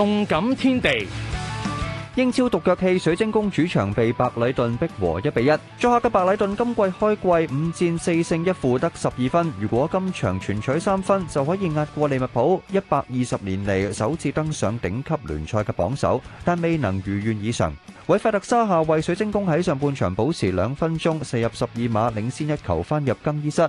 動感天地，英超獨腳戲，水晶宮主場被白禮頓迫和一比一。作客嘅白禮頓今季開季五戰四勝一負得十二分，如果今場全取三分就可以壓過利物浦，一百二十年嚟，首次登上頂級聯賽嘅榜首，但未能如願以償。韋法特沙夏為水晶宮喺上半場保持兩分鐘射入十二碼，領先一球返入更衣室。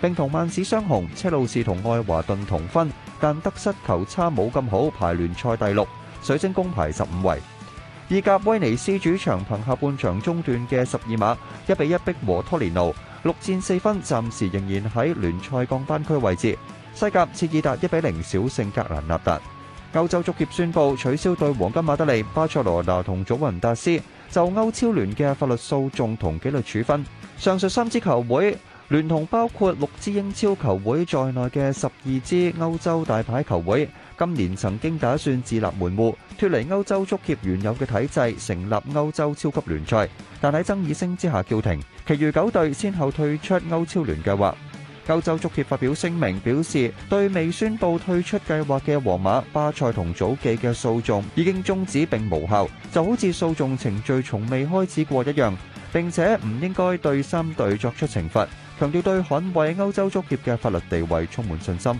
並同曼市雙雄、車路士同愛華頓同分，但得失球差冇咁好，排聯賽第六。水晶宮排十五位。意甲威尼斯主場憑下半場中段嘅十二碼一比一逼和托連奴，六戰四分，暫時仍然喺聯賽降班區位置。西甲切爾達一比零小勝格蘭納達。歐洲足協宣佈取消對皇家馬德里、巴塞羅那同祖雲達斯就歐超聯嘅法律訴訟同紀律處分。上述三支球會，聯同包括六支英超球會在內嘅十二支歐洲大牌球會，今年曾經打算自立門戶，脫離歐洲足協原有嘅體制，成立歐洲超級聯賽，但喺爭議聲之下叫停。其餘九隊先後退出歐超聯計劃。歐洲足協發表聲明表示，對未宣佈退出計劃嘅皇馬、巴塞同祖記嘅訴訟已經終止並無效，就好似訴訟程序從未開始過一樣。並且唔應該對三隊作出懲罰，強調對捍衛歐洲足協嘅法律地位充滿信心。